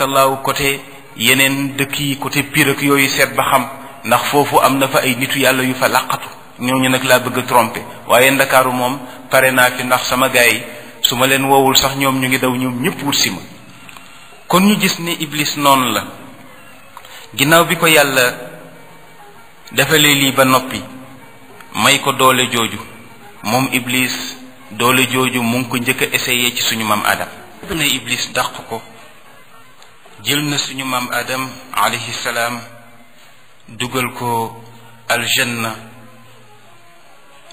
kallaaw côté yeneen dëkk yi côté Pire ak yooyu seet ba xam ndax foofu am na fa ay nitu yàlla yu fa làqatu ñooñu nag laa bëgg a waaye ndakaaru moom pare naa fi ndax sama gars yi su ma leen woowul sax ñoom ñu ngi daw ñoom ñëpp wut si ma kon ñu gis ne Iblis noonu la ginnaaw bi ko yàlla defalee lii ba noppi may ko doole jooju moom Iblis doole jooju mu ngi ko njëkk a ci suñu maam Adam ne ko jël na suñu maam aadam alayhi salaam dugal ko aljanna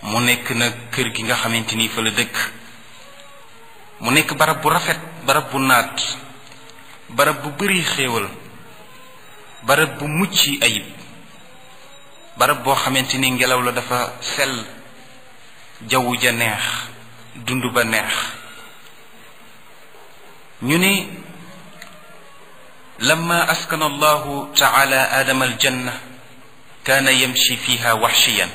mu nekk nag kër gi nga xamante ni fa la dëkk mu nekk barab bu rafet barab bu naat barab bu bëri xéewal barab bu mucc ayib barab boo xamante ni ngelaw la dafa sel jawu ja neex dund ba neex ñu ne لما أسكن الله تعالى آدم الجنة كان يمشي فيها وحشيا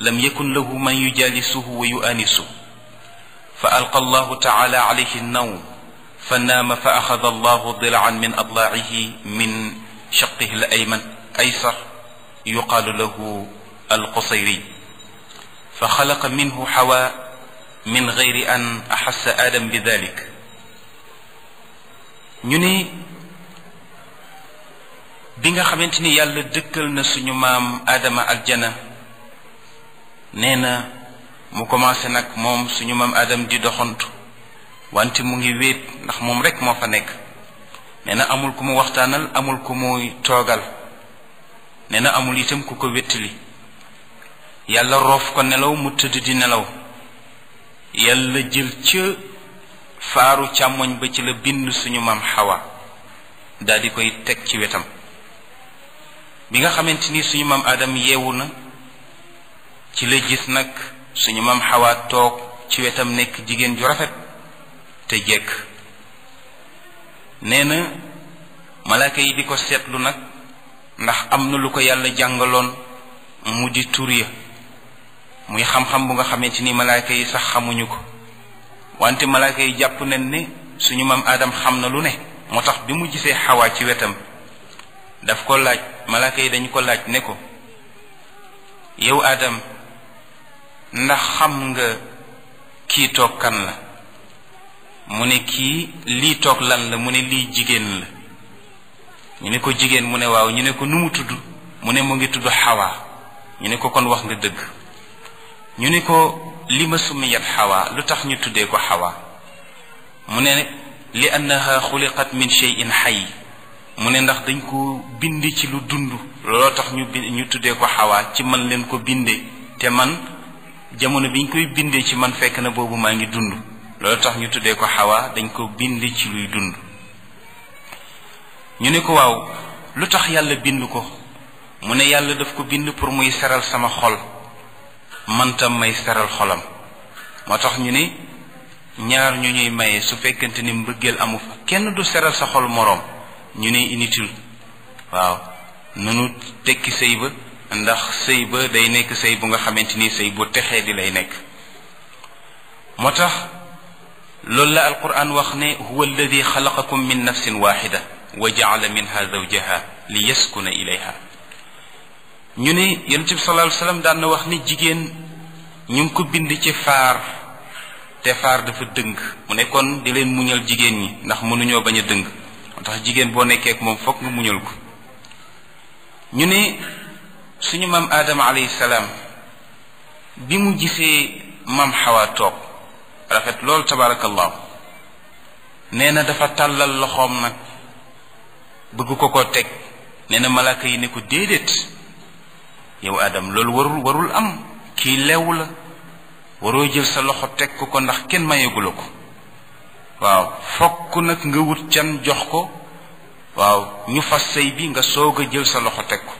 لم يكن له من يجالسه ويؤانسه فألقى الله تعالى عليه النوم فنام فأخذ الله ضلعا من أضلاعه من شقه الأيمن أيسر يقال له القصيري فخلق منه حواء من غير أن أحس آدم بذلك نيني bi nga xamante ni yàlla dëkkal na suñu maam Adama ak jana nee na mu commencé nag moom suñu maam Adama di doxantu wante mu ngi wéet ndax moom rek moo fa nekk nee na amul ku mu waxtaanal amul ku muy toogal nee na amul itam ku ko wéttali yàlla roof ko nelaw mu tëdd di nelaw yàlla jël ca faaru càmmoñ ba ci la bind suñu maam xawa daal di koy teg ci wetam bi nga xamante ni suñu maam Adam yeewu na ci la gis nag suñu maam Xawaa toog ci wetam nekk jigéen ju rafet te jekk nee na malaaka yi di ko seetlu nag ndax am na lu ko yàlla jàngaloon mu di tur ya muy xam-xam bu nga xamante ni malaaka yi sax xamuñu ko wante malaaka yi jàpp nañ ne suñu maam Adam xam na lu ne moo tax bi mu gisee Xawaa ci wetam daf ko laaj malaaka yi dañu ko laaj ne ko yow Adam ndax xam nga kii toog kan la mu ne kii lii toog lan la mu ne lii jigéen la ñu ne ko jigéen mu ne waaw ñu ne ko nu mu tudd mu ne mu ngi tudd xawaa ñu ne ko kon wax nga dëgg ñu ne ko li ma sumiyat xawaa lu tax ñu tuddee ko xawaa mu ne li annaha xuliqat min cheyin xay mu ne ndax dañ ko bind ci lu dund looloo tax ñu ñu tuddee ko xawaa ci man leen ko bindee te man jamono biñ koy bindee ci man fekk na boobu maa ngi dund looloo tax ñu tuddee ko xawaa dañ ko bind ci luy dund ñu ne ko waaw lu tax yàlla bind ko mu ne yàlla daf ko bind pour muy seral sama xol man may seral xolam moo tax ñu ni ñaar ñu ñuy maye su fekkante ni mbëggeel amu fa kenn du seral sa xol moroom ñu ne inutile waaw nanu tekki sëy ba ndax sëy ba day nekk sëy bu nga xamante ni sëy bu texee di lay nekk moo tax loolu la alquran wax ne huwa alladi xalaqakum min nafsin waxida wa jaala minha zawjaha li yaskuna ilayha ñu ne yonent bi sallallahu alayhi wasallam daan na wax ni jigéen ñu ngi ko bind ci faar te faar dafa dëng mu nekkoon di leen muñal jigéen ñi ndax mënuñoo bañ a dëng tax jigéen boo nekkee ak moom foog nga muñal ko ñu ne suñu maam aadama alayhi salaam bi mu gisee maam xawaa toog rafet loolu tabaarakallahu nee na dafa tàllal loxoom nag bëggu ko koo teg nee na malaaka yi ne ko déedéet yow aadam loolu warul warul am kii leew la waroo jël sa loxo teg ko ko ndax kenn mayegula ko waaw fokk nag nga wut can jox ko waaw ñu fas sëy bi nga soog a jël sa loxo teg ko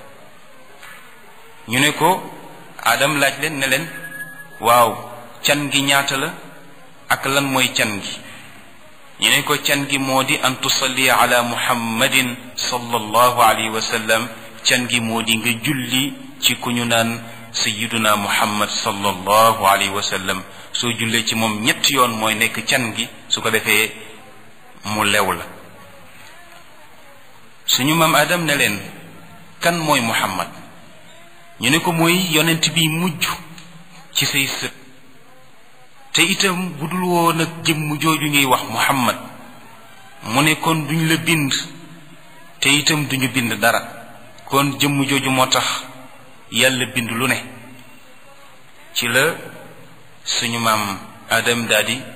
ñu ne ko Adam laaj leen ne leen waaw can gi ñaata la ak lan mooy can gi ñu ne ko can gi moo di an tusalli ala muhammadin sallallahu alayhi wa sallam can gi moo di nga julli ci ku ñu naan sayyiduna muhammad sallallahu alayhi wa sallam soo jullee ci moom ñett yoon mooy nekk can gi su ko defee mu lew la suñu maam Adam ne leen kan mooy Muhammad ñu ne ko mooy yonent bi mujj ci say sët te itam bu dul woon ak jëmm jooju ñuy wax Muhammad mu ne kon duñ la bind te itam duñu bind dara kon jëmm jooju moo tax yàlla bind lu ne ci la suñu maam aadam daldi di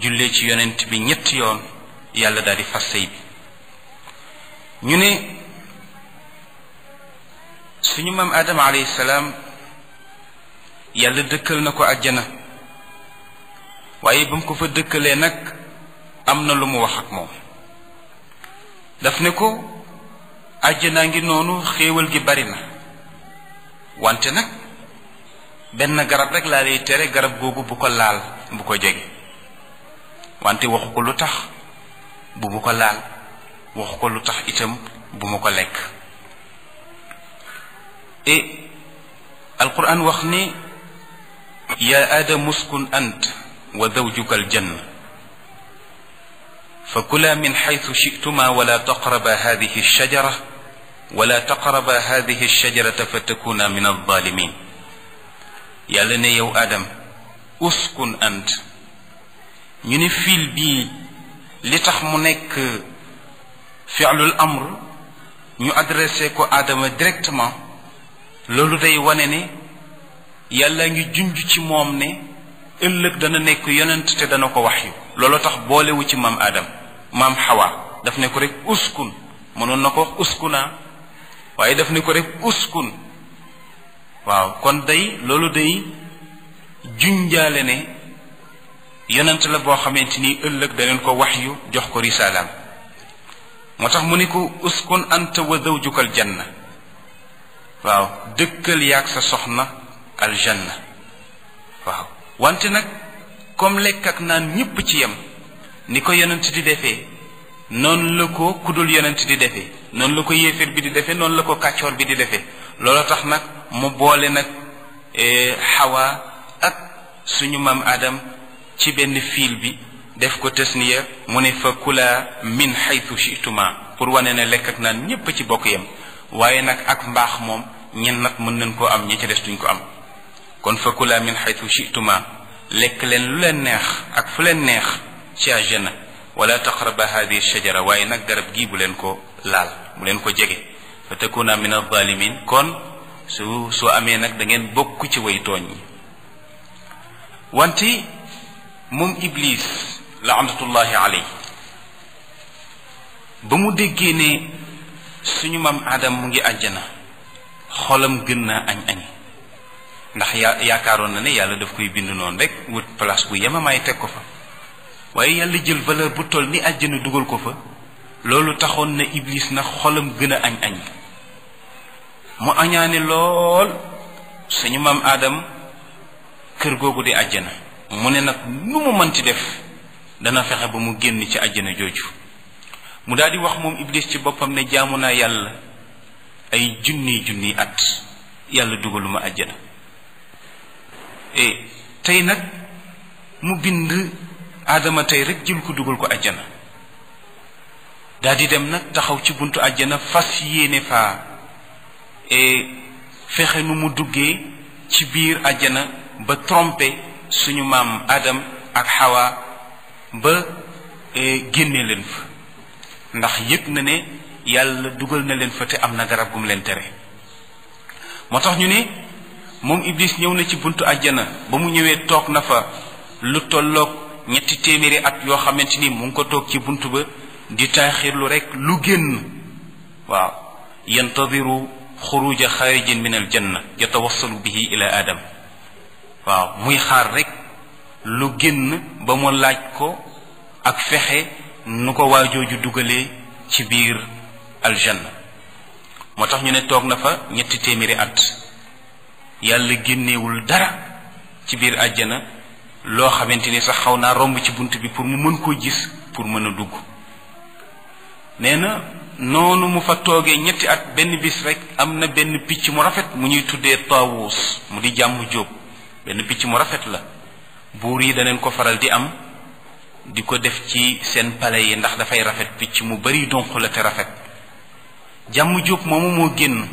jullee ci yonent bi ñett yoon yàlla daal di fas sëy bi ñu ne suñu maam Adama alayhi salaam yàlla dëkkal na ko àjjana waaye ba mu ko fa dëkkalee nag am na lu mu wax ak moom daf ne ko àjjanaa ngi noonu xéewal gi bari na wante nag benn garab rek laa lay tere garab googu bu ko laal bu ko jege wante waxu ko lu tax bu bu ko laal wax ko lu tax itam bu ma ko lekk e alquran wax ni ya adam فكلا من حيث شئتما ولا تقربا هذه الشجرة ولا تقربا هذه الشجرة فتكونا من الظالمين يا لني يا آدم أسكن أنت فيل بي لتخمنك fi'lul amr ñu adressé ko aadama directement loolu day wane ne yàlla ngi junj ci moom ne ëllëg dana nekk yonent te dana ko wax yu loolu tax boolewu ci maam aadam maam Hawa daf ne ko rek uskun mënoon na ko wax uskuna waaye daf ne ko rek uskun waaw kon day loolu day junjaale ne yonent la boo xamante ni ëllëg daneen ko wax yu jox ko risalaam moo tax mu ni ko uskun anta wa zawjuka aljanna waaw dëkkal yaag sa soxna aljanna waaw wante nag comme lekk ak naan ñépp ci yem ni ko yonent di defee noonu la ko kudul yonent di defee noonu la ko yéeféer bi di defee noonu la ko kàccoor bi di defee loolu tax nag mu boole nag xawaa eh, ak suñu maam Adam ci benn fiil bi def ko tasniya mu ne fa kula min xaytu chituma pour wane ne lekk ak naan ñépp ci bokk yam waaye nag ak mbaax moom ñen nag mën nañ koo am ñi ca des duñ ko am kon fa kula min xaytu chituma lekk leen lu leen neex ak fu leen neex ci àjjana wala taqraba hadihi shajara waaye nag garab gii bu leen ko laal bu leen ko jege fa takuna min alzalimin kon su soo amee nag da ngeen bokk ci way tooñ yi wante moom iblis laanatullahi aley ba mu déggee ne suñu maam aadam mu ngi àjjana xolam gën naa añ añ ndax yaa yaakaaroon na ne yàlla daf koy bind noonu rek wut place bu yemamaay teg ko fa waaye yàlla jël valeur bu toll ni àjjana dugal ko fa loolu taxoon na iblis na xolam gën a añ añ mu añaane lool suñu maam aadam kër googu di àjjana mu ne nag nu mu mënti def dana fexe ba mu génn ci àjjana jooju mu daal di wax moom iblis ci boppam ne jaamu naa yàlla ay junni junni at yàlla dugaluma àjjana e, tey nag mu bind aadama tey rek jël ko dugal ko àjjana daal di dem nag taxaw ci buntu àjjana fas yéene faa e, fexe nu mu duggee ci biir àjjana ba trompé suñu maam aadam ak Hawa ba e, génne leen fa ndax yëg na ne yàlla dugal na leen fa te am na garab gum leen tere moo tax ñu ni moom Iblis ñëw na ci buntu àjjana ba mu ñëwee toog na fa lu tolloog ñetti téeméeri at yoo xamante ni mu ngi ko toog ci bunt ba di taaxirlu rek lu génn waaw yantadiru xuruja xaarijin min al janna yatawassalu bihi ila adam waaw muy xaar rek lu génn ba mu laaj ko ak fexe nu ko waa jooju dugalee ci biir aljanna moo tax ñu ne toog na fa ñetti téeméeri at yàlla génnewul dara ci biir àjjana loo xamante ni sax xaw naa romb ci bunt bi pour mu mën koo gis pour mën a dugg nee na noonu mu fa toogee ñetti at benn bis rek am na benn picc mu rafet mu ñuy tuddee taawuus mu di jàmm jóob benn picc mu rafet la buur yi daneen ko faral di am di ko def ci seen pale yi ndax dafay rafet picc mu bari donq la te rafet jàmm jóob moomu moo génn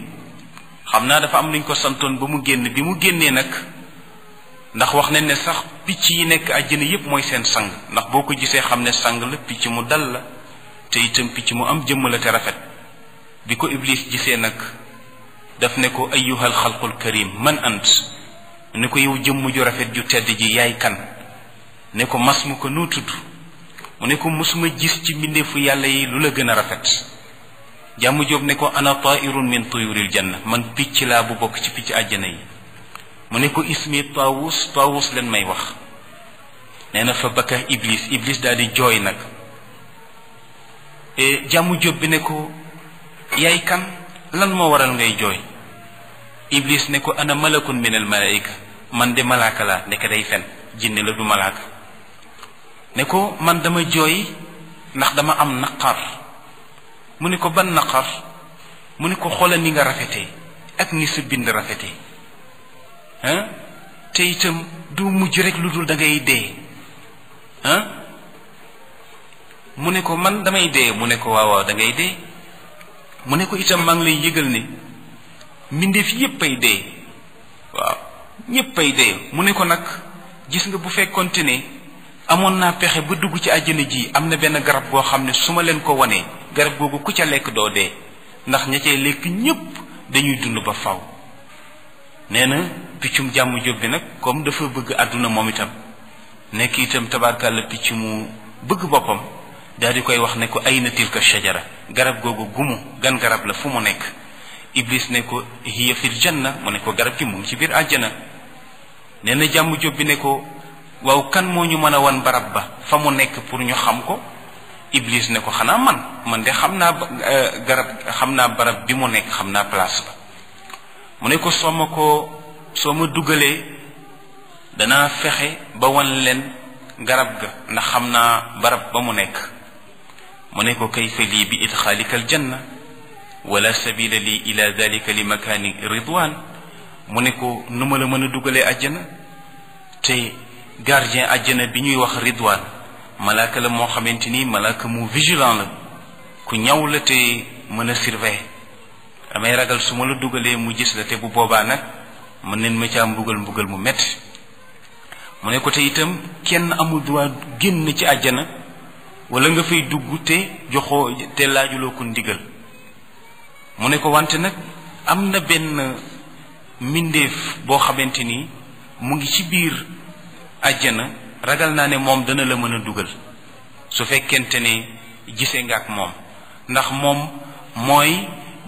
xam naa dafa am luñ ko santoon ba mu génn bi mu génnee nag ndax wax nañ ne sax picc yi nekk àjjana yépp mooy seen sang ndax boo ko gisee xam ne sang la picc mu dal la te itam picc mu am jëmm la te rafet bi ko iblis gisee nag daf ne ko ayyuhal xalqul karim man ant ni ko yow jëmm ju rafet ju tedd ji yaay kan ne ko mas mu ko noo tudd mu ne ko mësuma gis ci mbindeefu yàlla yi lu la gën a rafet jàmm jóob ne ko ana tairun min tuyuril janna man picc laa bu bokk ci picc àjjana yi mu ne ko ismi taawus taawus leen may wax nee na iblis daal di jooy nag eh, jàmm jóob bi ne ko yaay kan lan moo waral ngay jooy iblis ne ko ana malakun man de malaaka la ndeke day fen jinne la du malaaka ne ko man dama jooy ndax dama am naqar mu ne ko ban naqar mu ne ko xoolal ni nga rafetee ak ni sa bind rafetee ah te itam du mujj rek lu dul da ngay dee mu ne ko man damay dee mu ne ko waaw waaw da dee mu ne ko itam maa ngi lay yëgal ne mbindeef yépp ay dee waaw ñépp ay de mu ne ko nag gis nga bu fekkonte ne amoon naa pexe ba dugg ci àjjana ji am na benn garab goo xam ne su ma leen ko wanee garab googu ku ca lekk doo dee ndax ña cay lekk ñépp dañuy dund ba faw nee na piccum jàmm jóg bi nag comme dafa bëgg àdduna moom itam nekk itam tabarkàlla picc mu bëgg boppam daal di koy wax ne ko ay na tilka shajara garab googu gumu gan garab la fu mu nekk iblis ne ko hiya fil na mu ne ko garab gi mu ngi ci biir àjjana nee na jàmm jóbbi ne ko waaw kan moo ñu mën a wan barab ba fa mu nekk pour ñu xam ko Iblis ne ko xanaa man man de xam naa euh, garab xam naa barab bi mu nekk xam naa place ba mu ne ko soo ko soo ma dugalee danaa fexe ba wan leen garab ga ndax xam naa barab ba mu nekk mu ne ko kayfa lii bi idxaalika aljanna wala sabila lii ila dalika li makaani ridwan mu ne ko nu ma la mën a dugalee àjjana te gardien àjjana bi ñuy wax ridwaan malaaka la moo xamante ni malaaka mu vigilant la ku ñaw la te mën a surveiller damay ragal su ma la dugalee mu gis la te bu boobaa nag mën neen ma caa mbugal mbugal mu metti mu ne ko te itam kenn amul droit génn ci àjjana wala nga fay dugg te joxoo te laajuloo ko ndigal mu ne ko wante nag am na benn mbindeef boo xamante ni mu ngi ci biir àjjana ragal naa ne moom dana la mën a dugal su fekkente ne gisee nga ak moom ndax moom mooy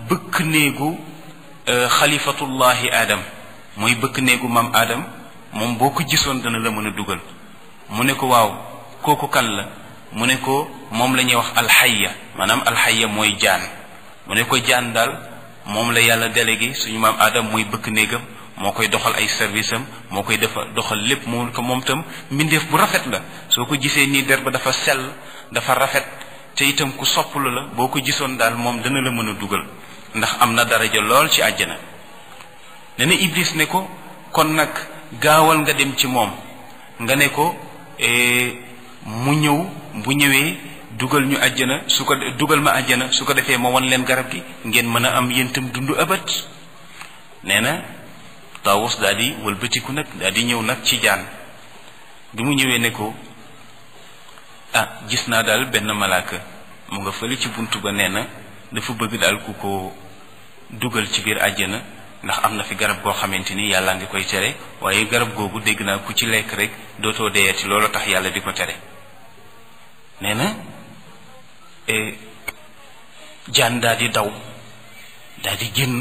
bëkk néegu euh, xalifatullahi aadam mooy bëkk néegu maam aadam moom boo ko gisoon dana la mën a dugal mu ne ko waaw kooku kan la mu ne ko moom la ñuy wax alxayya maanaam alxayya mooy jaan mu ne ko jaan daal moom la yàlla délégué suñu maam aadam mooy bëkk néegam moo koy doxal ay service am moo koy defa doxal lépp moom ko moom itam mbindeef bu rafet la soo ko gisee nii der ba dafa sell dafa rafet te itam ku sopplu la boo ko gisoon daal moom dana la mën a dugal ndax am na daraja lool ci àjjana ne na ne ko kon nag gaawal nga dem ci moom nga ne ko e, mu ñëw bu ñëwee dugal ñu àjjana su ko dugal ma àjjana su ko defee ma won leen garab gi ngeen mën a am yéen itam dund abat nee na Taawus daal di wëlbatiku nag daal di ñëw nag ci jaan bi mu ñëwee ne ko ah gis naa daal benn malaaka mu nga fële ci bunt ba nee na dafa bëgg daal ku ko dugal ci biir àjjana ndax am na fi garab goo xamante ni yàlla ngi koy tere waaye garab googu dégg naa ku ci lekk rek dootoo deyeeti loolu tax yàlla di ko tere nee na e, jaan daal di daw daal di génn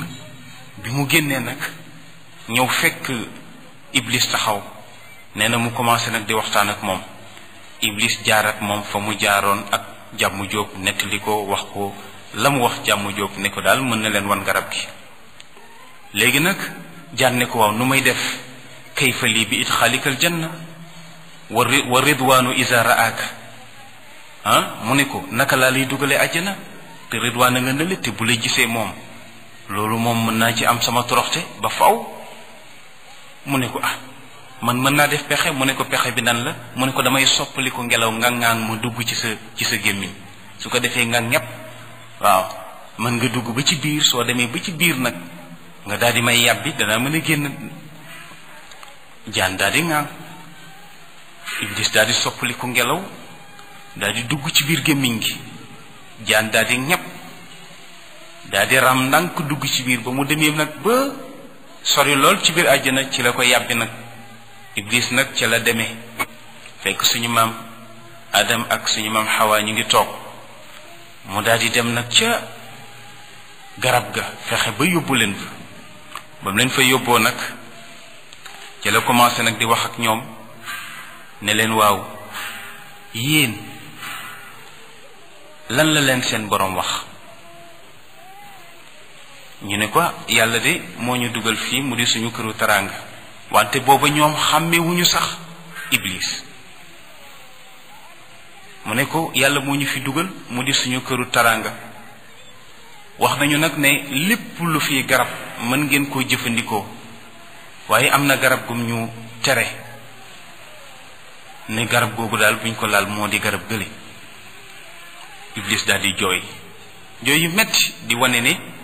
bi mu génnee nag ñëw fekk iblis taxaw nee na mu commencé nag di waxtaan ak moom iblis jaar ak moom fa mu jaaroon ak jàmm jóob nettali ko wax ko la mu wax jàmm jóob ne ko daal mën na leen wan garab gi léegi nag jaan ne ko waaw nu may def kayfa lii bi it xaalikal janna wa wa ridwaanu isa raaka ah mu ne ko naka laa lay dugalee na te ridwaan a nga nële te bu la gisee moom loolu moom mën naa ci am sama toroxte ba faw mu ne ko ah man mën naa def pexe mu ne ko pexe bi nan la mu ne ko damay soppaliku ngelaw nga ngaang mu dugg ci sa ci sa gémmiñ su ko defee nga ñepp waaw mën nga dugg ba ci biir soo demee ba ci biir nag nga daal di may yàbbi danaa mën a génn jaan daal di ngaang iblis daal di soppaliku ngelaw daal di dugg ci biir gémmiñ gi jaan daal di ñepp daal di ram ndànk dugg ci biir ba mu demee nag ba sori lool ci biir àjjana ci la ko yàbbi nag iblis nag ca la deme fekk suñu maam adam ak suñu maam xawaa ñu ngi toog mu daal dem nag ca garab ga fexe ba yóbbu leen fa ba leen fa yóbboo nag ca la commencé nag di wax ak ñoom ne leen waaw yéen lan la leen seen boroom wax ñu ne ko yàlla de moo ñu dugal fii mu di suñu këru taraanga wante booba ñoom xàmmewuñu sax iblis mu ne ko yàlla moo ñu fi dugal mu di suñu këru taraanga wax nañu nag ne lépp lu fi garab mën ngeen koo jëfandikoo waaye am na garab gum ñu tere ne garab googu daal buñ ko laal moo di garab gële iblis daal di jooy jooy yu metti di wane ne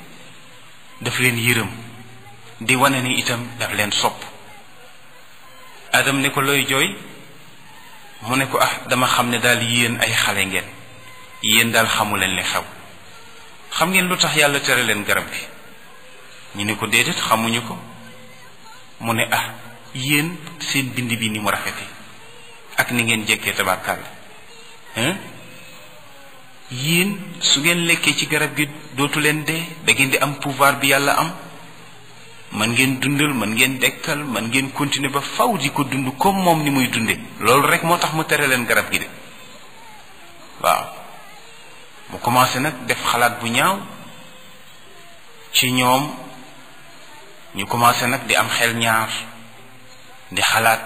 daf leen yërëm di wane ni itam daf leen sopp adam ne ko looy jooy mu ne ko ah dama xam ne daal yéen ay xale ngeen yéen daal xamu leen li xew xam ngeen lu tax yàlla tere leen garab gi ñu ne ko déedéet xamuñu ko mu ne ah yéen seen bind bi ni mu yi ak ni ngeen jekkee tabarkàlla yéen su ngeen lekkee ci garab gi dootu leen dee da ngeen di am pouvoir bi yàlla am man ngeen dundal man ngeen dekkal man ngeen continuer ba faw di ko dund comme moom ni muy dunde loolu rek moo tax mu tere leen garab gi de waaw mu commencé nag def xalaat bu ñaaw ci ñoom ñu commencé nag di am xel ñaar di xalaat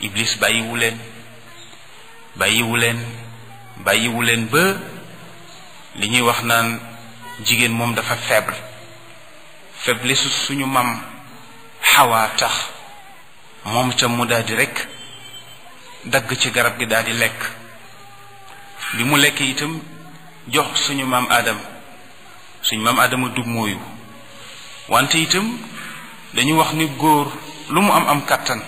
iblis bàyyiwu leen bàyyiwu leen bàyyiwu leen ba li ñuy wax naan jigéen moom dafa faible faiblesse suñu mam xawaa tax moom ca mu daal di dagg ci garab gi daal di lekk bi mu lekk itam jox suñu maam aadama suñu maam aadama dug mooyu wante itam dañu wax ni góor lu mu am am kàttan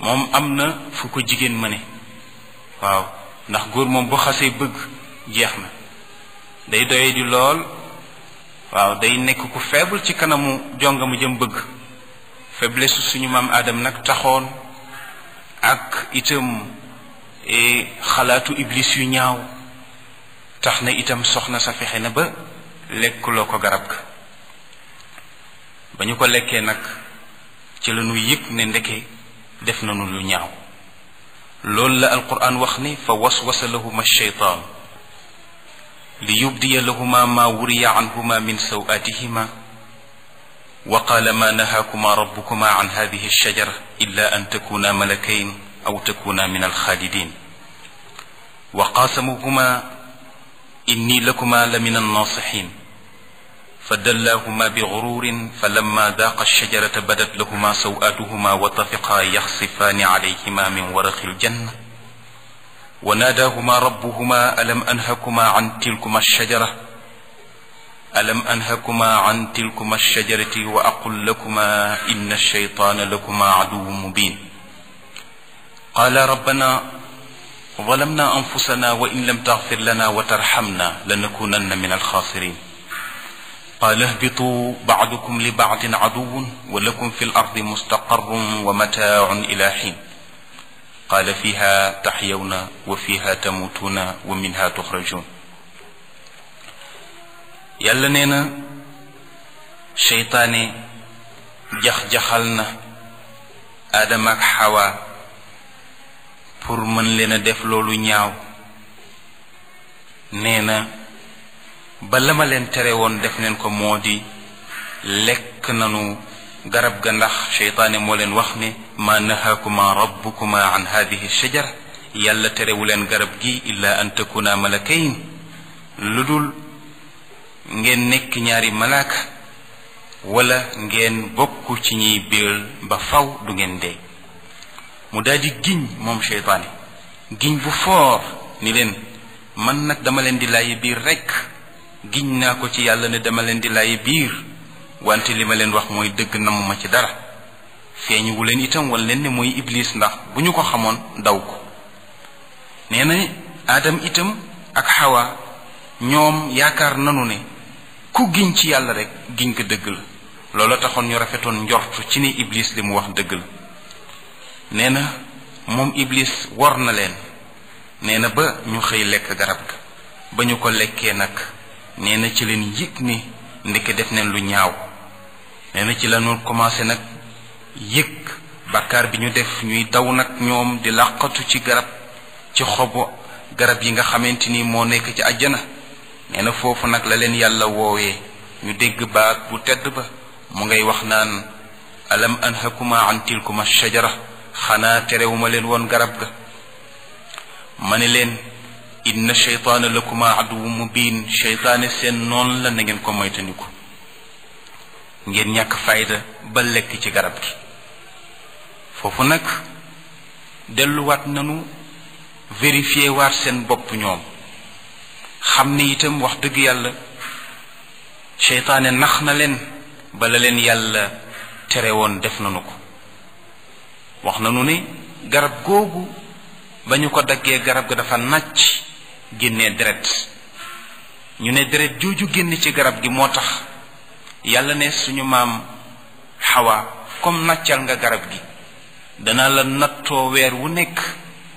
moom am na fu ko jigéen mëne waaw ndax góor moom bu xasee bëgg jeex na day doye di lool waaw day nekk ku faible ci kanamu jonga mu jëm bëgg faiblesse suñu maam aadam nag taxoon ak itam e, xalaatu iblis yu ñaaw tax na itam soxna sa fexe na ba lekkuloo ko garab ga ba ñu ko lekkee nag ci la ñu yëg ne ndeke def nañu lu ñaaw loolu la alquran wax ni fa waswasa lahuma sheytaan ليبدي لهما ما وري عنهما من سوآتهما وقال ما نهاكما ربكما عن هذه الشجرة إلا أن تكونا ملكين أو تكونا من الخالدين وقاسمهما إني لكما لمن الناصحين فدلاهما بغرور فلما ذاق الشجرة بدت لهما سوآتهما وطفقا يخصفان عليهما من ورق الجنة وناداهما ربهما ألم أنهكما عن تلكما الشجرة ألم أنهكما عن تلكما الشجرة وأقل لكما إن الشيطان لكما عدو مبين قال ربنا ظلمنا أنفسنا وإن لم تغفر لنا وترحمنا لنكونن من الخاسرين قال اهبطوا بعضكم لبعض عدو ولكم في الأرض مستقر ومتاع إلى حين qaala fiha taxyawna wa fiha tamutuuna wa minha tuxrajuun yàlla nee na seytaane jax-jaxal na aadama xawa pour mën leen a def loolu ñaaw nee na ba leen tere woon def neen ko moo di lekk nanu garab ga ndax cheytaane moo leen wax ne maa nahaakuma rabbukuma an haadihi shajara yàlla terewu leen garab gi illa an takuna malakayn lu dul ngeen nekk ñaari malaaka wala ngeen bokk ci ñuy béel ba faw du ngeen dee mu daldi giñ moom cheytaane giñ bu foor ni leen man nag dama leen di laayi biir rekk giñ naa ko ci yàlla ne dama leen di laayi biir wante li ma leen wax mooy dëgg namm ma ci dara feeñu leen itam wan leen ne mooy iblis ndax bu ñu ko xamoon daw ko nee na aadam itam ak xawa ñoom yaakaar nanu ne ku giñ ci yàlla rek giñ ko dëgg la loola taxoon ñu rafetoon njort ci ne iblis li mu wax dëgg la nee na moom iblis war na leen nee na ba ñu xëy lekk garab ga ba ñu ko lekkee nag nee na ci leen yëg ne ndeke def neen lu ñaaw nee ci la ñu commencé nag yëg bakkaar bi ñu def ñuy daw nag ñoom di làqatu ci garab ci xobu garab yi nga xamante ni moo nekk ci àjjana nee foofu nag la leen yàlla woowee ñu dégg baat bu tedd ba mu ngay wax naan alam anhakuma an tilkuma shajara xanaa terewuma leen woon garab ga ma ne leen inna sheytaana lakuma mu mubin sheytaane seen noon la na ngeen ko moytandiku ngeen ñàkk fayda ba lekk ci garab gi foofu nag delluwaat nanu vérifier waat seen bopp ñoom xam ni itam wax dëgg yàlla seytaane nax na leen bala leen yàlla tere woon def nanu ko wax nanu ni garab googu ba ñu ko daggee garab ga dafa nàcc génnee deret ñu ne deret jooju génn ci garab gi moo tax yàlla ne suñu maam xawaa comme nàccal nga garab gi dana la nattoo weer wu nekk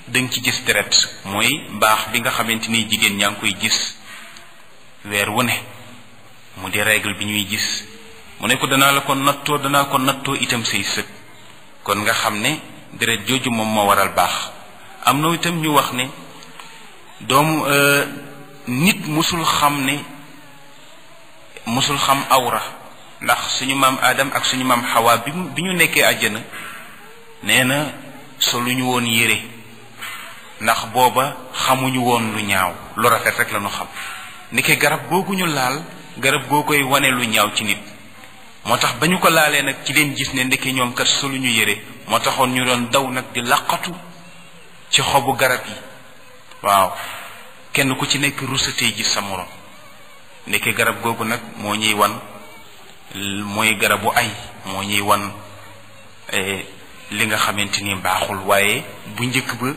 danga ci gis deret mooy baax bi nga xamante ni jigéen ñaa ngi koy gis weer wu ne mu di règle bi ñuy gis mu ne ko danaa la ko nattoo danaa ko nattoo itam say sët kon nga xam ne deret jooju moom moo waral baax am na itam ñu wax ne doomu euh, nit mësul xam ne mosul xam awra ndax suñu maam Adam ak suñu maam Hawa bi bi ñu nekkee àjjana nee na soluñu woon yére ndax booba xamuñu woon lu ñaaw lu rafet rek la ñu xam nike garab googuñu laal garab goo koy wane lu ñaaw ci nit moo tax ba ko laalee nag ci leen gis ne ndeke ñoom kat soluñu yére moo taxoon ñu doon daw nag di laqatu ci xobu garab yi waaw kenn ku ci nekk rusatee gis sa morom nekke garab googu nag moo ñuy wan mooy garabu ay moo ñuy wan eh, li nga xamante ni baaxul waaye bu njëkk ba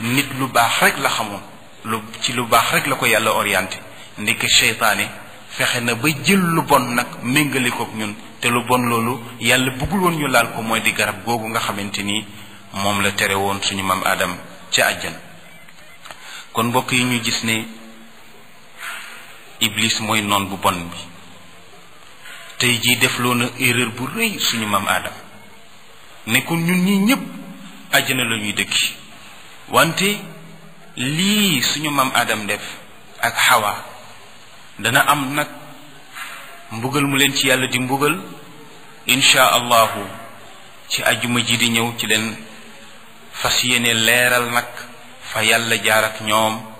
nit lu baax rek la xamoon lu ci lu baax rek la ko yàlla orienté ndeke seytaane fexe na ba jël lu bon nag méngale kook ñun te lu bon loolu yàlla bëggul woon ñu laal ko mooy di garab googu nga xamante ni moom la tere woon suñu mam Adam ca àjjan kon mbokk yi ñu gis ne iblis mooy noon bu bon bi tey jii defloo na erreur bu rëy suñu maam aadama ne ko ñun ñi ñëpp àjjana la ñuy dëkki wante lii suñu maam aadam def ak xawa dana am nag mbugal mu leen ci yàlla di mbugal incha allahu ci ajuma ji di ñëw ci leen fas yéene leeral nag fa yàlla jaar ak ñoom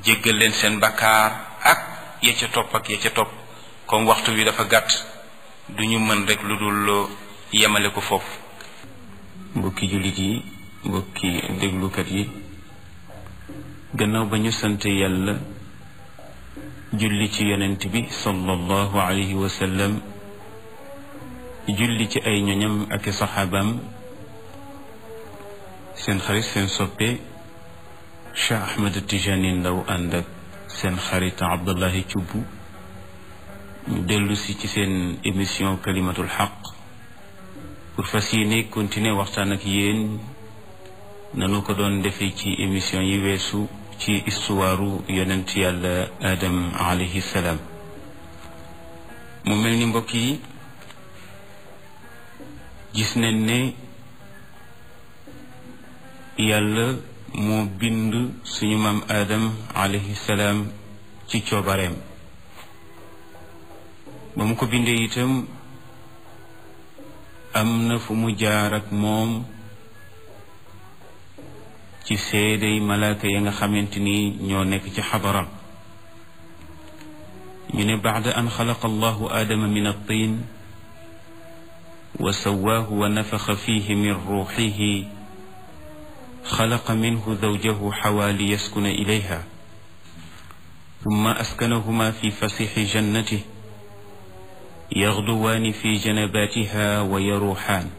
jéggal leen seen bakaar ak ya ca topp ak ya ca topp comme waxtu wi dafa gàtt du ñu mën rekk lu dul loo yemale ko foofu mbokki jullit yi mbokki déglukat yi gannaaw ba ñu sant yàlla julli ci yonent bi sallallahu alayhi wa sallam julli ci ay ñoñam ak i seen xarit seen soppe Cheikh Ahmed Tijani Ndaw ànd ak seen xarit Abdullahi Cubb ñu dellu si ci seen émission kalimatul xaq pour fas yéene continuer waxtaan ak yéen nanu ko doon defee ci émission yi weesu ci istuwaaru yonent yàlla Adam alayhi salaam mu mel ni mbokk yi gis nañ ne yàlla mo bind suñu mam adam alayhi salam ci ciobarem ba ko bindé itam amna fu mu jaar ak mom ci seedey malaaka ya nga xamanteni ni ñoo nekk ci habara ñu ne baada an xalaqa allahu aadama min attin wa sawaahu wa nafaxa fihi min ruuxihi خلق منه زوجه حوى ليسكن إليها ثم أسكنهما في فسيح جنته يغدوان في جنباتها ويروحان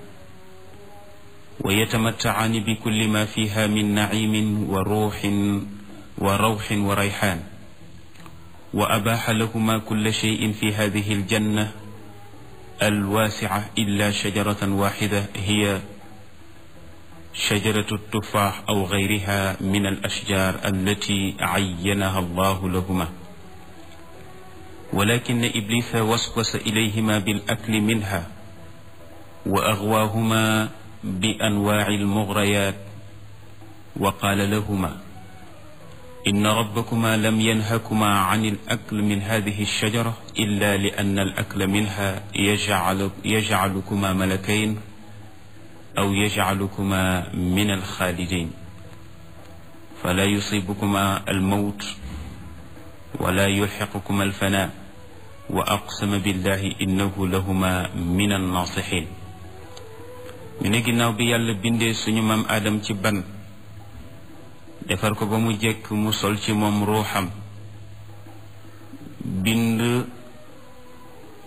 ويتمتعان بكل ما فيها من نعيم وروح وروح وريحان وأباح لهما كل شيء في هذه الجنة الواسعة إلا شجرة واحدة هي شجرة التفاح أو غيرها من الأشجار التي عينها الله لهما ولكن إبليس وسوس إليهما بالأكل منها وأغواهما بأنواع المغريات وقال لهما إن ربكما لم ينهكما عن الأكل من هذه الشجرة إلا لأن الأكل منها يجعل يجعلكما ملكين أو يجعلكما من الخالدين فلا يصيبكما الموت ولا يلحقكما الفناء وأقسم بالله إنه لهما من الناصحين من أجل نبي الله بند سنو آدم تبن دفر كبام جيك تمام روحم بند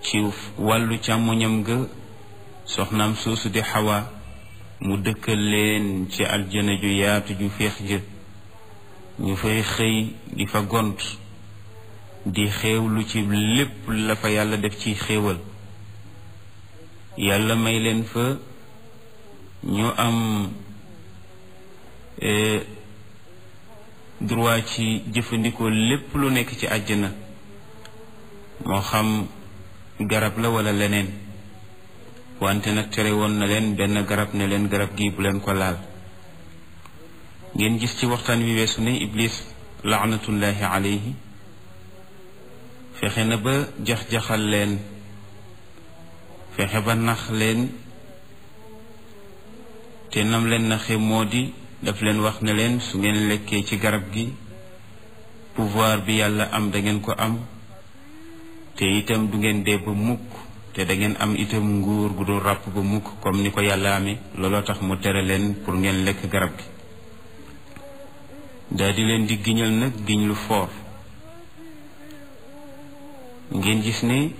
تيوف والو تامو نمغ سوخنام سوسو دي حواه mu dëkkal leen ci aljana ju yaatu ju féex jë ñu fay xëy di fa gont di xéewlu ci lépp la fa yàlla def ci xéewal yàlla may leen fa ñu am e, droit ci jëfandikoo lépp lu nekk ci àjjana moo xam garab la walla leneen wante nag tere woon na leen benn garab ne leen garab gi bu leen ko laal ngeen gis ci waxtaan wi weesu ne iblis laanatullaahi alayhi fexe na ba jax-jaxal leen fexe ba nax leen te nam leen naxe moo di daf leen wax ne leen su ngeen lekkee ci garab gi pouvoir bi yàlla am dangeen ko am te itam du ngeen dee ba mukk te dangeen ngeen am itam nguur gu dul ràpp ba mukk comme ni ko yàlla amee looloo tax mu tere leen pour ngeen lekk garab gi daa di leen di giñal nag giñ lu foor ngeen gis ne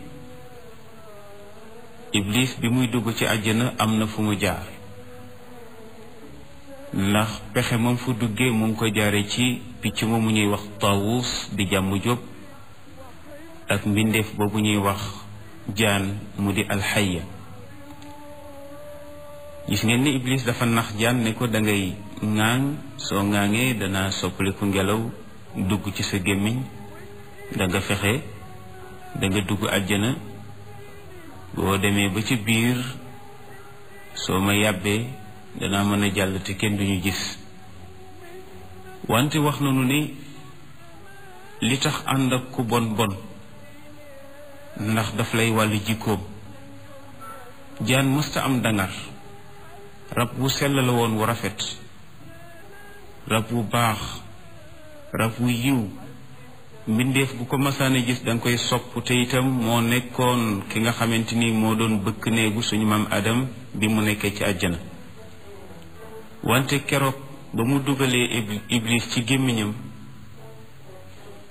iblis bi muy dugg ci àjjana am na fu mu jaar ndax pexe moom fu duggee mu ngi ko jaare ci picc mu ñuy wax tawus di jàmm jóg ak mbindeef boobu ñuy wax jaan mu di alxaya gis ngeen ni ibliis dafa nax jaan ne ko dangay ngay soo ŋaaŋee dana soppaliku ngelaw dugg ci sa gémmiñ danga fexe da nga dugg àjjana boo demee ba ci biir soo ma yàbbee danaa mën a jàll te kenn duñu gis wante wax nanu ni li tax ànd ak ku bon bon ndax daf lay wàllu jikkoom jaan mësta am dangar rab wu sell la woon wu rafet rab wu baax rab wu yiw mbindeef bu ko masaane gis da koy sopp te itam moo nekkoon ki nga xamante ni moo doon bëkk néegu suñu maam aadam bi mu nekkee ci àjjana wante keroog ba mu dugalee iblis ci gémmiñam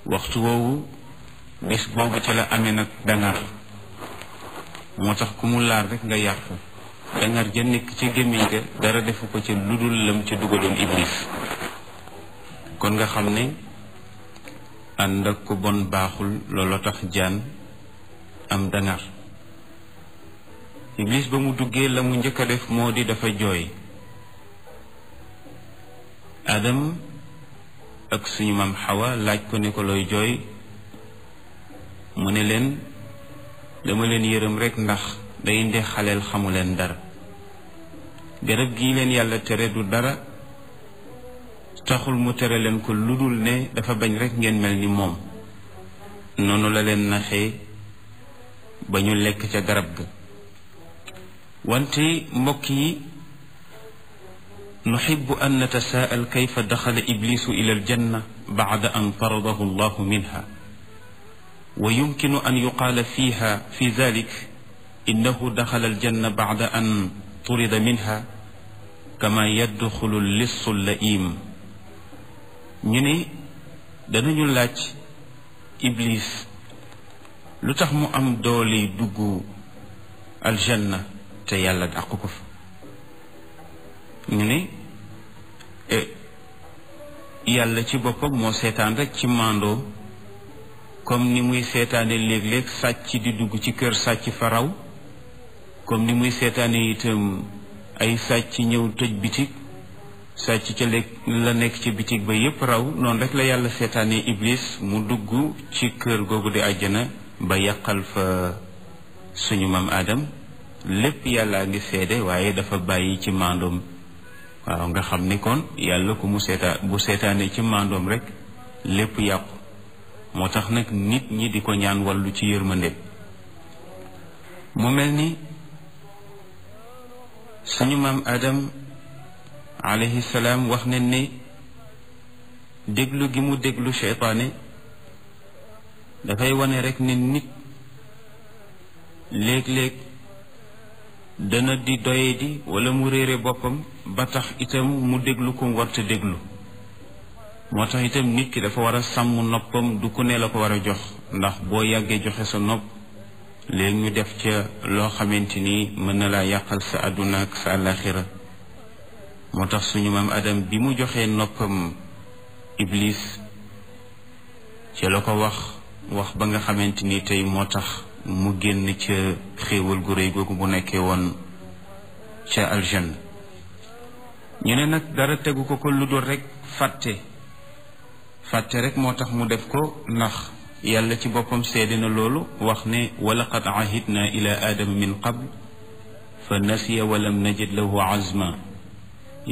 waxtu woowu bis boobu ci la amee nag dangar moo tax ku mu laar rek nga yàqu dangar ja nekk ca gémmiñ ga dara defu ko ca lu dul lam ca dugaloon iblis kon nga xam ne ànd ak ku bon baaxul looloo tax jaan am dangar iblis ba mu duggee la mu njëkk a def moo di dafa jooy adam ak suñu maam xawa laaj ko ne ko looy jooy mu ne leen dama leen yërëm rek ndax day nde xaleel xamu leen dara garab gii leen yàlla tere du dara taxul mu tere leen ko lu dul ne dafa bañ rek ngeen mel ni moom noonu la leen naxee ba ñu lekk ca garab ga wante mbokk yi nuxibu an natasaa'al kayfa daxala iblisu ila aljanna bacda an taradahu allahu minha wa yumkinu an yuqaala fiiha fi dalik innahu daxala aljanna bacda an turida minha kama yadxulu lissu laim ñu ni danañu laaj iblis lu tax mu am doole dugg aljanna te yàlla dàq ñu ni eh, yàlla ci boppam moo seetaan rek ci maandoo comme ni muy seetaane léeg-léeg sàcc di dugg ci kër sàcc fa raw comme ni muy seetaane itam ay sàcc ñëw tëj bitig sàcc ca lekk la nekk ci bitig ba yépp raw noonu rek la yàlla seetaane iblis mu dugg ci kër googu di àjjana ba yàqal fa suñu maam aadam lépp yàlla ngi seede waaye dafa bàyyi ci mandoom waaw nga xam ni kon yàlla ko mu seetaa bu seetaane ci mandoom rek lépp yàqu moo tax nag nit ñi di ko ñaan wallu ci yërmande mu mel ni suñu maam aadam alayhi salaam wax ne ni déglu gi mu déglu seytaane dafay wane rekk ne nit léeg-léeg dana di doye di walla mu réere boppam ba tax itam mu déglu ko mu warta déglu moo tax itam nit ki dafa war a sàmm noppam du ko ne la ko war a jox ndax boo yàggee joxe sa nopp léegi ñu def ca loo xamante ni mën na laa yàqal sa àdduna ak sa àllaaxira moo tax suñu maam adam bi mu joxee noppam iblis ci la ko wax wax ba nga xamante ni tey moo tax mu génn ca xéewal gu réy googu bu nekkee woon ca aljanna ñu ne nag dara tegu ko ko lu dul rekk fàtte fàtte rek moo tax mu def ko ndax yàlla ci boppam seede na loolu wax ne walaqad ahidna ila aadama min qabl fa nasiya walam najid lahu azma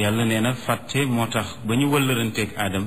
yàlla nee na fàtte moo tax ba ñu wëllëranteeg aadam